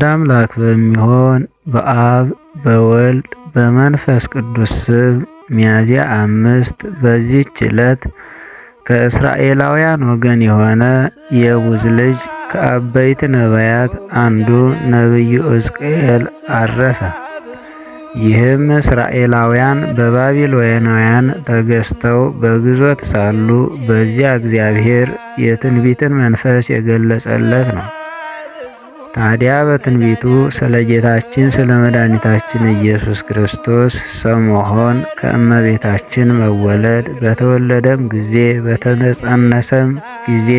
አንድ አምላክ በሚሆን በአብ በወልድ በመንፈስ ቅዱስ ስም ሚያዝያ አምስት በዚች ዕለት ከእስራኤላውያን ወገን የሆነ የቡዝ ልጅ ከአበይት ነቢያት አንዱ ነቢዩ እዝቅኤል አረፈ። ይህም እስራኤላውያን በባቢሎናውያን ተገዝተው በግዞት ሳሉ በዚያ እግዚአብሔር የትንቢትን መንፈስ የገለጸለት ነው። ታዲያ በትንቢቱ ስለ ጌታችን ስለ መድኃኒታችን ኢየሱስ ክርስቶስ ሰው መሆን ከእመቤታችን መወለድ በተወለደም ጊዜ በተጸነሰም ጊዜ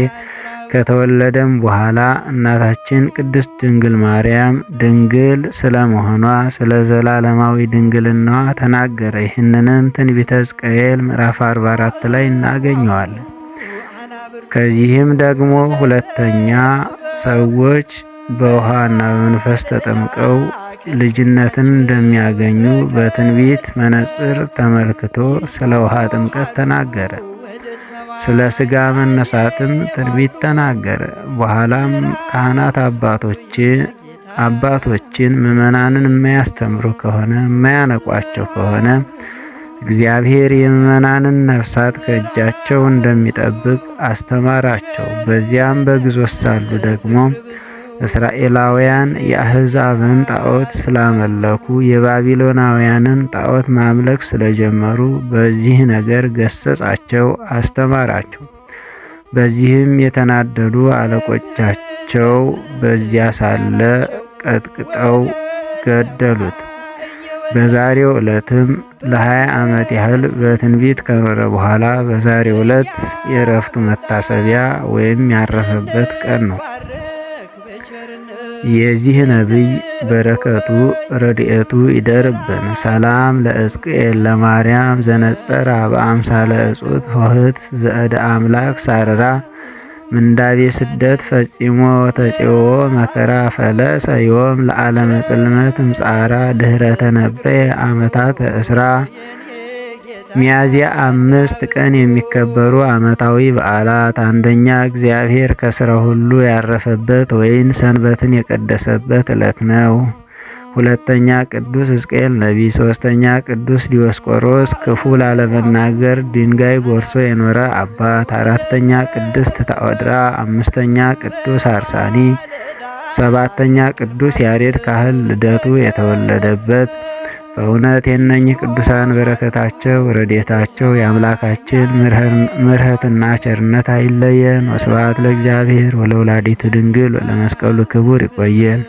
ከተወለደም በኋላ እናታችን ቅድስት ድንግል ማርያም ድንግል ስለ መሆኗ ስለ ዘላለማዊ ድንግልናዋ ተናገረ። ይህንንም ትንቢተ ሕዝቅኤል ምዕራፍ 44 ላይ እናገኘዋለን። ከዚህም ደግሞ ሁለተኛ ሰዎች እና በመንፈስ ተጠምቀው ልጅነትን እንደሚያገኙ በትንቢት መነጽር ተመልክቶ ስለ ውሃ ጥምቀት ተናገረ። ስለ ስጋ መነሳትም ትንቢት ተናገረ። በኋላም ካህናት አባቶች አባቶችን ምእመናንን የማያስተምሩ ከሆነ የማያነቋቸው ከሆነ እግዚአብሔር የምእመናንን ነፍሳት ከእጃቸው እንደሚጠብቅ አስተማራቸው። በዚያም በግዞት ሳሉ ደግሞ እስራኤላውያን የአሕዛብን ጣዖት ስላመለኩ የባቢሎናውያንን ጣዖት ማምለክ ስለጀመሩ በዚህ ነገር ገሰጻቸው፣ አስተማራቸው። በዚህም የተናደዱ አለቆቻቸው በዚያ ሳለ ቀጥቅጠው ገደሉት። በዛሬው ዕለትም ለሀያ ዓመት ያህል በትንቢት ከኖረ በኋላ በዛሬው ዕለት የእረፍቱ መታሰቢያ ወይም ያረፈበት ቀን ነው። የዚህ ነቢይ በረከቱ ረድኤቱ ይደርብን። ሰላም ለእዝቅኤል ለማርያም ዘነጸራ በአምሳለ እጹት ሆህት ዘእደ አምላክ ሳረራ ምንዳቤ ስደት ፈጺሞ ተጽዮ መከራ ፈለሰ ዮም ለዓለም ጽልመት ምጻራ ድህረ ተነበየ አመታት እስራ ሚያዝያ አምስት ቀን የሚከበሩ ዓመታዊ በዓላት፦ አንደኛ እግዚአብሔር ከሥራ ሁሉ ያረፈበት ወይን ሰንበትን የቀደሰበት ዕለት ነው። ሁለተኛ ቅዱስ ሕዝቅኤል ነቢ፣ ሦስተኛ ቅዱስ ዲዮስቆሮስ ክፉ ላለመናገር ድንጋይ ጎርሶ የኖረ አባት። አራተኛ ቅድስት ታወድራ፣ አምስተኛ ቅዱስ አርሳኒ። ሰባተኛ ቅዱስ ያሬድ ካህል ልደቱ የተወለደበት በእውነት የእነኝህ ቅዱሳን በረከታቸው፣ ረዴታቸው፣ የአምላካችን ምርህትና ቸርነት አይለየን። ወስብሐት ለእግዚአብሔር ወለወላዲቱ ድንግል ወለመስቀሉ ክቡር። ይቆየን።